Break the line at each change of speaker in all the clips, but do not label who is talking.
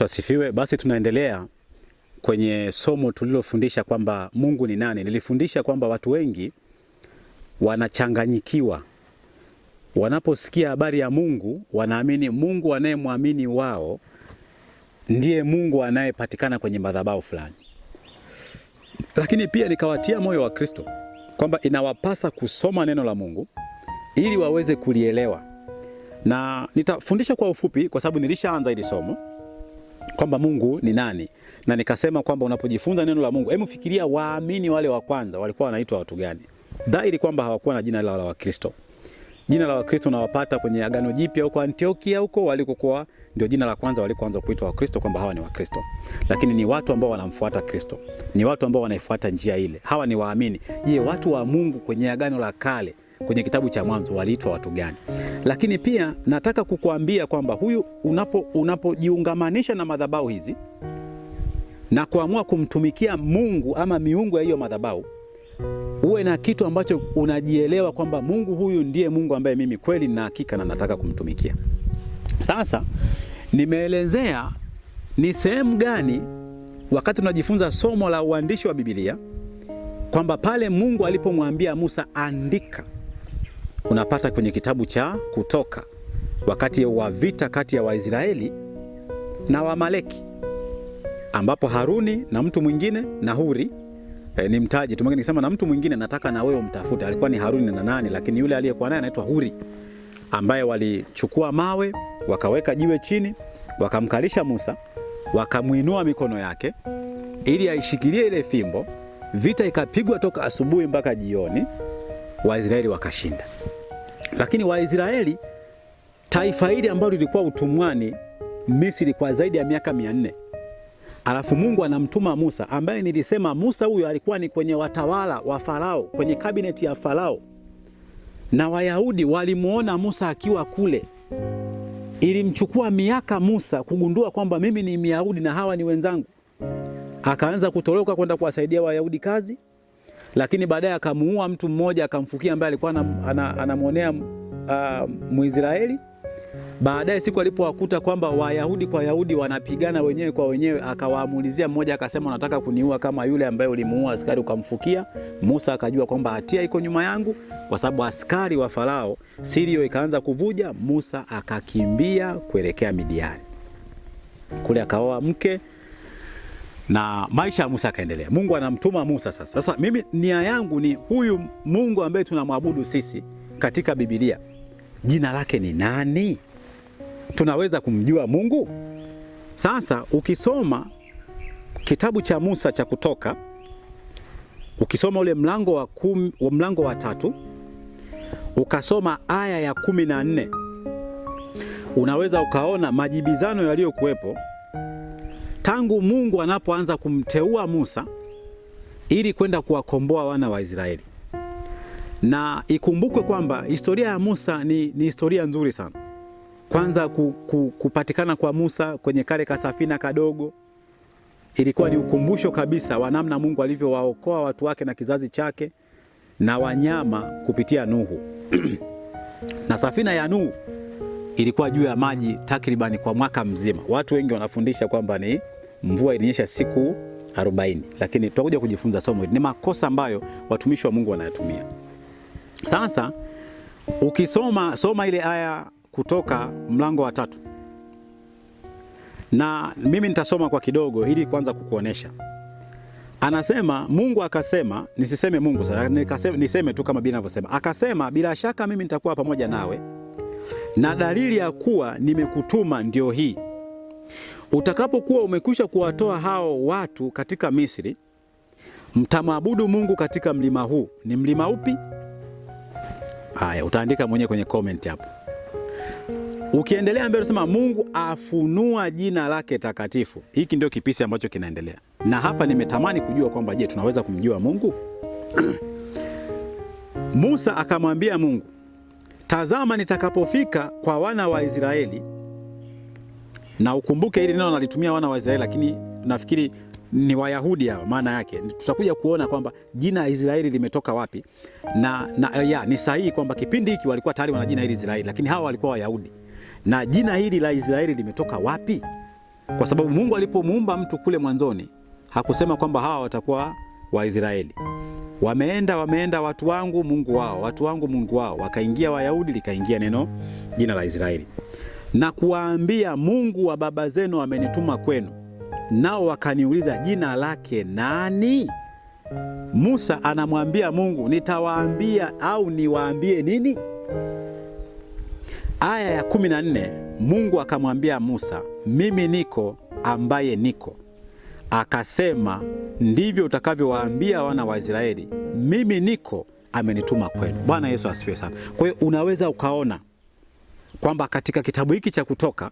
Twasifiwe. Basi tunaendelea kwenye somo tulilofundisha kwamba Mungu ni nani. Nilifundisha kwamba watu wengi wanachanganyikiwa wanaposikia habari ya Mungu, wanaamini Mungu anayemwamini wao ndiye Mungu anayepatikana kwenye madhabahu fulani, lakini pia nikawatia moyo wa Kristo kwamba inawapasa kusoma neno la Mungu ili waweze kulielewa, na nitafundisha kwa ufupi kwa sababu nilishaanza hili somo kwamba Mungu ni nani, na nikasema kwamba unapojifunza neno la Mungu, hebu fikiria waamini wale wa kwanza walikuwa wanaitwa watu gani? Dhahiri kwamba hawakuwa na jina la Wakristo. Jina la Wakristo unawapata kwenye Agano Jipya huko Antiokia, huko walikokuwa ndio jina la kwanza walikoanza kuitwa Wakristo, kwamba hawa ni Wakristo, lakini ni watu ambao wanamfuata Kristo, ni watu ambao wanaifuata njia ile. Hawa ni waamini. Je, watu wa Mungu kwenye Agano la Kale kwenye kitabu cha Mwanzo waliitwa watu gani? Lakini pia nataka kukuambia kwamba huyu unapo unapojiungamanisha na madhabahu hizi na kuamua kumtumikia Mungu ama miungu ya hiyo madhabahu, uwe na kitu ambacho unajielewa kwamba Mungu huyu ndiye Mungu ambaye mimi kweli na hakika na nataka kumtumikia. Sasa nimeelezea ni sehemu gani wakati tunajifunza somo la uandishi wa Biblia kwamba pale Mungu alipomwambia Musa andika unapata kwenye kitabu cha Kutoka, wakati wa vita kati ya Waisraeli na wamaleki ambapo Haruni na mtu mwingine na Huri E, ni mtaji tu nikisema na mtu mwingine nataka na wewe umtafute. Alikuwa ni Haruni na nani, lakini yule aliyekuwa naye anaitwa Huri, ambaye walichukua mawe wakaweka jiwe chini, wakamkalisha Musa, wakamwinua mikono yake ili aishikilie ile fimbo. Vita ikapigwa toka asubuhi mpaka jioni, Waisraeli wakashinda. Lakini Waisraeli, taifa hili ambalo lilikuwa utumwani Misri kwa zaidi ya miaka mia nne, alafu Mungu anamtuma Musa ambaye nilisema Musa huyo alikuwa ni kwenye watawala wa Farao, kwenye kabineti ya Farao, na Wayahudi walimwona Musa akiwa kule. Ilimchukua miaka Musa kugundua kwamba mimi ni Myahudi na hawa ni wenzangu. Akaanza kutoroka kwenda kuwasaidia Wayahudi kazi lakini baadaye akamuua mtu mmoja akamfukia, ambaye alikuwa anamwonea uh, Mwisraeli. Baadaye siku alipowakuta kwamba Wayahudi kwa Wayahudi wanapigana wenyewe kwa wenyewe, akawaamulizia mmoja, akasema unataka kuniua kama yule ambaye ulimuua askari ukamfukia. Musa akajua kwamba hatia iko nyuma yangu, kwa sababu askari wa Farao, sirio ikaanza kuvuja. Musa akakimbia kuelekea Midiani, kule akaoa mke na maisha ya Musa akaendelea. Mungu anamtuma Musa sasa. Sasa mimi nia yangu ni huyu Mungu ambaye tunamwabudu sisi katika Biblia, jina lake ni nani? Tunaweza kumjua Mungu? Sasa ukisoma kitabu cha Musa cha Kutoka, ukisoma ule mlango wa kumi, mlango wa tatu ukasoma aya ya kumi na nne unaweza ukaona majibizano yaliyokuwepo tangu Mungu anapoanza kumteua Musa ili kwenda kuwakomboa wana wa Israeli. Na ikumbukwe kwamba historia ya Musa ni, ni historia nzuri sana. Kwanza ku, ku, kupatikana kwa Musa kwenye kale kasafina kadogo ilikuwa ni ukumbusho kabisa wa namna Mungu alivyowaokoa watu wake na kizazi chake na wanyama kupitia Nuhu. na safina ya Nuhu ilikuwa juu ya maji takribani kwa mwaka mzima. Watu wengi wanafundisha kwamba ni mvua ilinyesha siku 40, lakini tutakuja kujifunza somo hili. Ni makosa ambayo watumishi wa Mungu wanayatumia. Sasa ukisoma soma ile aya kutoka mlango wa tatu, na mimi nitasoma kwa kidogo ili kwanza kukuonesha. Anasema Mungu akasema, nisiseme Mungu sana, nikasema niseme tu kama Biblia inavyosema. Akasema, bila shaka mimi nitakuwa pamoja nawe, na dalili ya kuwa nimekutuma ndio hii Utakapokuwa umekwisha kuwatoa hao watu katika Misri, mtamwabudu Mungu katika mlima huu. Ni mlima upi? Haya, utaandika mwenyewe kwenye comment hapo. Ukiendelea mbele, unasema Mungu afunua jina lake takatifu. Hiki ndio kipisi ambacho kinaendelea, na hapa nimetamani kujua kwamba je, tunaweza kumjua Mungu? Musa akamwambia Mungu, tazama, nitakapofika kwa wana wa Israeli na ukumbuke hili neno nalitumia wana wa Israeli, lakini nafikiri ni Wayahudi hao. Maana yake tutakuja kuona kwamba jina Israeli limetoka wapi, na, na eh, ya, ni sahihi kwamba kipindi hiki walikuwa tayari wana jina hili Israeli, lakini hawa walikuwa Wayahudi na jina hili la Israeli limetoka wapi? Kwa sababu Mungu alipomuumba mtu kule mwanzoni hakusema kwamba hawa watakuwa Waisraeli. Wameenda wameenda, watu wangu Mungu wao, watu wangu Mungu wao, wakaingia Wayahudi, likaingia neno jina la Israeli na kuwaambia, Mungu wa baba zenu amenituma kwenu, nao wakaniuliza jina lake nani? Musa anamwambia Mungu, nitawaambia au niwaambie nini? Aya ya 14, nne Mungu akamwambia Musa, mimi niko ambaye niko. Akasema, ndivyo utakavyowaambia wana wa Israeli, mimi niko amenituma kwenu. Bwana Yesu asifiwe sana. Kwa hiyo unaweza ukaona kwamba katika kitabu hiki cha Kutoka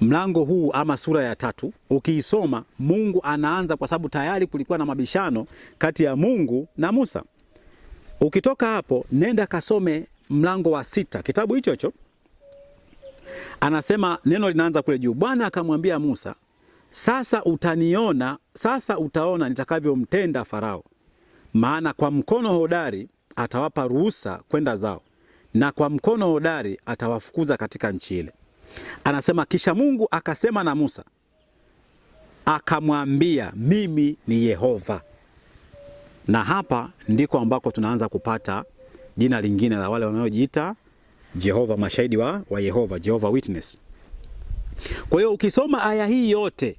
mlango huu ama sura ya tatu ukiisoma, Mungu anaanza, kwa sababu tayari kulikuwa na mabishano kati ya Mungu na Musa. Ukitoka hapo, nenda kasome mlango wa sita, kitabu hicho hicho. Anasema neno linaanza kule juu, Bwana akamwambia Musa, sasa utaniona, sasa utaona nitakavyomtenda Farao, maana kwa mkono hodari atawapa ruhusa kwenda zao na kwa mkono hodari atawafukuza katika nchi ile. Anasema kisha Mungu akasema na Musa akamwambia, mimi ni Yehova. Na hapa ndiko ambako tunaanza kupata jina lingine la wale wanaojiita Jehova mashahidi wa, wa Yehova, Jehova Witness. Kwa hiyo ukisoma aya hii yote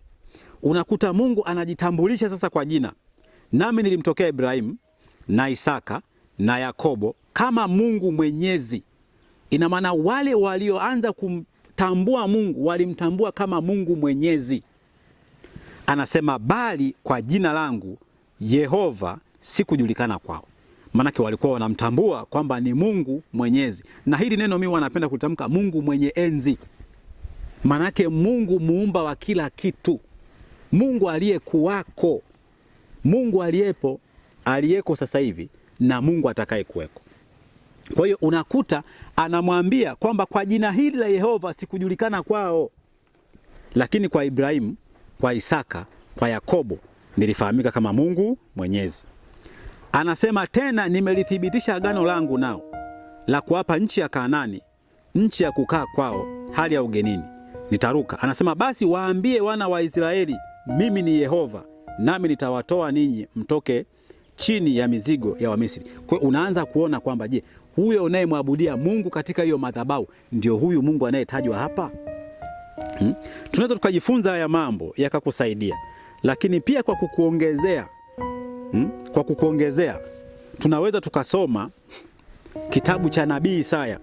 unakuta Mungu anajitambulisha sasa kwa jina, nami nilimtokea Ibrahimu na Isaka na Yakobo kama Mungu Mwenyezi. Ina maana wale walioanza kumtambua Mungu walimtambua kama Mungu Mwenyezi. Anasema bali kwa jina langu Yehova sikujulikana kwao. Maanake walikuwa wanamtambua kwamba ni Mungu Mwenyezi, na hili neno mimi wanapenda kutamka Mungu mwenye enzi, maanake Mungu muumba wa kila kitu, Mungu aliyekuwako, Mungu aliyepo, aliyeko sasa hivi na Mungu atakaye kuweko. Kwa hiyo unakuta anamwambia kwamba kwa jina hili la Yehova sikujulikana kwao, lakini kwa Ibrahimu, kwa Isaka, kwa Yakobo nilifahamika kama Mungu Mwenyezi. Anasema tena, nimelithibitisha agano langu nao la kuwapa nchi ya Kanaani, nchi ya kukaa kwao, hali ya ugenini. Nitaruka. Anasema basi waambie wana wa Israeli, mimi ni Yehova, nami nitawatoa ninyi mtoke chini ya mizigo ya Wamisri. Kwa hiyo unaanza kuona kwamba je, huyo unayemwabudia Mungu katika hiyo madhabahu ndio huyu Mungu anayetajwa hapa? Hmm? Tunaweza tukajifunza haya mambo yakakusaidia, lakini pia kwa kukuongezea hmm? Kwa kukuongezea tunaweza tukasoma kitabu cha nabii Isaya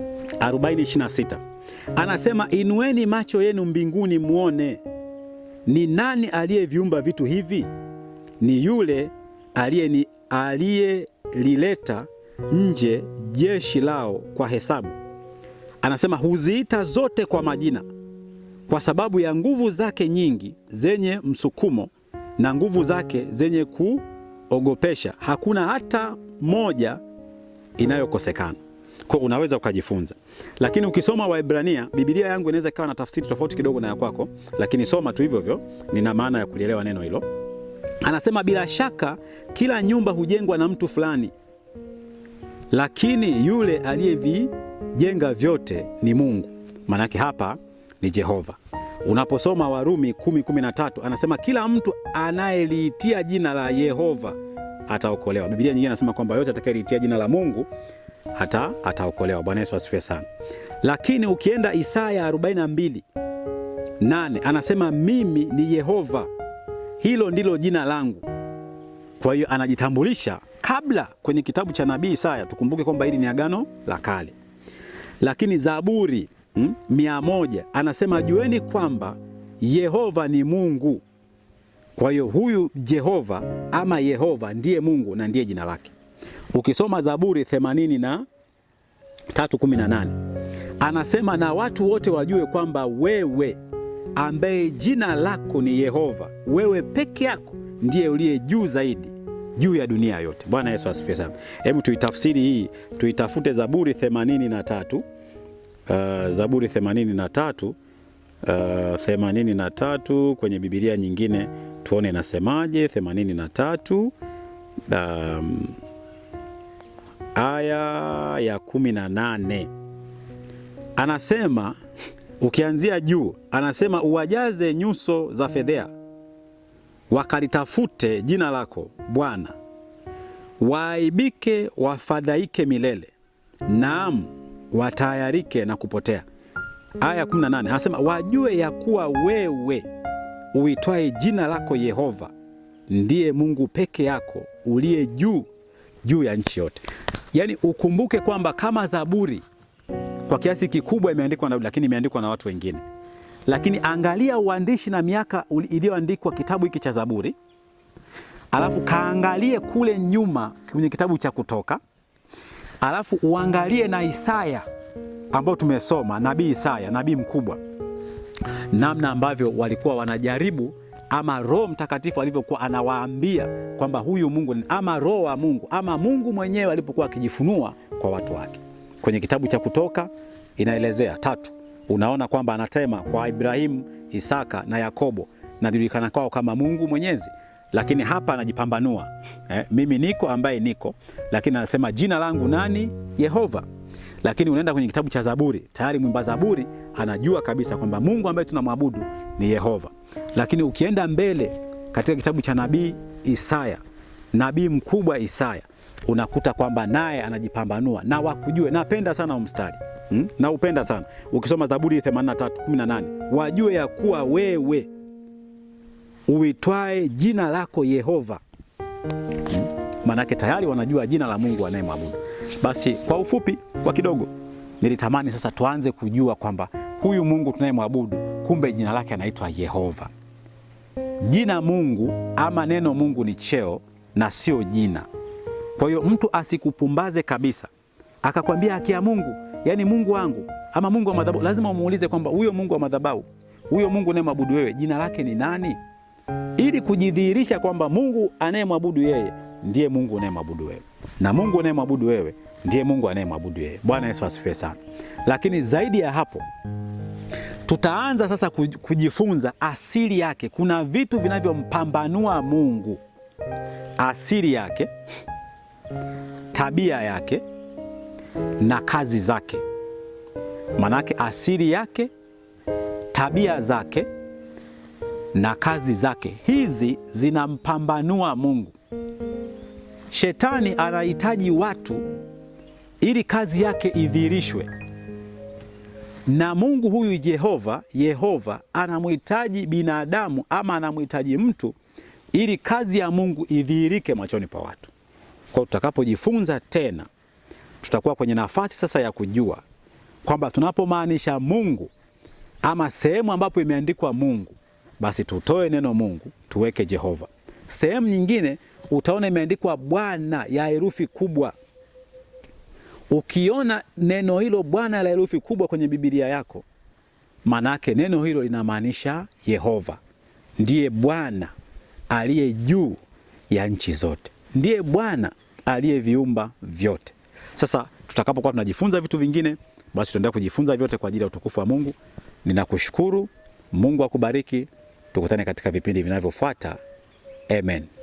40:26 anasema, inueni macho yenu mbinguni muone, ni nani aliyeviumba vitu hivi? Ni yule aliyelileta nje jeshi lao kwa hesabu. Anasema huziita zote kwa majina, kwa sababu ya nguvu zake nyingi zenye msukumo na nguvu zake zenye kuogopesha, hakuna hata moja inayokosekana. Kwa unaweza ukajifunza, lakini ukisoma Waebrania, Biblia yangu inaweza ikawa na tafsiri tofauti kidogo na ya kwako, lakini soma tu hivyo hivyo, nina maana ya kulielewa neno hilo. Anasema bila shaka kila nyumba hujengwa na mtu fulani, lakini yule aliyevijenga vyote ni Mungu. Maanake hapa ni Jehova. Unaposoma Warumi 10:13 anasema kila mtu anayeliitia jina la Yehova ataokolewa. Biblia nyingine anasema kwamba yote atakayeliitia jina la Mungu ata ataokolewa. Bwana Yesu asifiwe sana. Lakini ukienda Isaya 42:8 anasema mimi ni Yehova hilo ndilo jina langu. Kwa hiyo anajitambulisha kabla kwenye kitabu cha nabii Isaya. Tukumbuke kwamba hili ni agano la kale, lakini Zaburi hmm, mia moja anasema jueni kwamba Yehova ni Mungu. Kwa hiyo huyu Jehova ama Yehova ndiye Mungu na ndiye jina lake. Ukisoma Zaburi 80 na 3:18 anasema na watu wote wajue kwamba wewe ambaye jina lako ni Yehova, wewe peke yako ndiye uliye juu zaidi juu ya dunia yote. Bwana Yesu asifiwe sana. Hebu tuitafsiri hii, tuitafute Zaburi 83 uh, Zaburi 83 uh, 83 kwenye Biblia nyingine tuone inasemaje. 83 um, aya ya 18 anasema Ukianzia juu anasema uwajaze nyuso za fedhea, wakalitafute jina lako Bwana, waaibike wafadhaike milele, naam watayarike na kupotea. Aya 18 anasema wajue ya kuwa wewe uitwaye jina lako Yehova ndiye Mungu peke yako uliye juu juu ya nchi yote. Yaani ukumbuke kwamba kama Zaburi kwa kiasi kikubwa imeandikwa na lakini imeandikwa na watu wengine. Lakini angalia uandishi na miaka iliyoandikwa kitabu hiki cha Zaburi, alafu kaangalie kule nyuma kwenye kitabu cha Kutoka, alafu uangalie na Isaya ambao tumesoma, nabii Isaya, nabii mkubwa, namna ambavyo walikuwa wanajaribu ama Roho Mtakatifu alivyokuwa anawaambia kwamba huyu Mungu ama Roho wa Mungu ama Mungu mwenyewe alipokuwa akijifunua kwa watu wake kwenye kitabu cha Kutoka inaelezea. Tatu, unaona kwamba anatema kwa Ibrahimu, Isaka na Yakobo najulikana kwao kama Mungu Mwenyezi, lakini hapa anajipambanua eh, mimi niko ambaye niko, lakini anasema jina langu nani? Yehova. Lakini unaenda kwenye kitabu cha Zaburi, tayari mwimba Zaburi anajua kabisa kwamba Mungu ambaye tunamwabudu ni Yehova. Lakini ukienda mbele katika kitabu cha nabii Isaya, nabii mkubwa Isaya unakuta kwamba naye anajipambanua na wakujue. Napenda sana mstari hmm? na upenda sana ukisoma Zaburi 83:18 wajue ya kuwa wewe uitwae jina lako Yehova hmm? Maanake tayari wanajua jina la Mungu anayemwabudu. Basi kwa ufupi, kwa kidogo, nilitamani sasa tuanze kujua kwamba huyu Mungu tunayemwabudu kumbe jina lake anaitwa Yehova. Jina Mungu ama neno Mungu ni cheo na sio jina. Kwa hiyo mtu asikupumbaze kabisa, akakwambia haki ya Mungu, yani Mungu wangu ama Mungu wa madhabahu, lazima umuulize kwamba huyo Mungu wa madhabahu, huyo Mungu unayemwabudu wewe, jina lake ni nani, ili kujidhihirisha kwamba Mungu anayemwabudu yeye ndiye Mungu unayemwabudu wewe na Mungu unayemwabudu wewe ndiye Mungu anayemwabudu yeye. Bwana Yesu asifiwe sana. Lakini zaidi ya hapo, tutaanza sasa kujifunza asili yake. Kuna vitu vinavyompambanua Mungu, asili yake tabia yake na kazi zake. Manake asili yake, tabia zake na kazi zake, hizi zinampambanua Mungu. Shetani anahitaji watu ili kazi yake idhirishwe, na Mungu huyu Yehova, Yehova anamhitaji binadamu ama anamhitaji mtu ili kazi ya Mungu idhihirike machoni pa watu. Kwa tutakapojifunza tena, tutakuwa kwenye nafasi sasa ya kujua kwamba tunapomaanisha Mungu ama sehemu ambapo imeandikwa Mungu, basi tutoe neno Mungu tuweke Jehova. Sehemu nyingine utaona imeandikwa Bwana ya herufi kubwa. Ukiona neno hilo Bwana la herufi kubwa kwenye Biblia yako, manake neno hilo linamaanisha Yehova ndiye Bwana aliye juu ya nchi zote, ndiye Bwana aliyeviumba vyote. Sasa tutakapokuwa tunajifunza vitu vingine, basi tutaendelea kujifunza vyote kwa ajili ya utukufu wa Mungu. Ninakushukuru, Mungu akubariki. Tukutane katika vipindi vinavyofuata. Amen.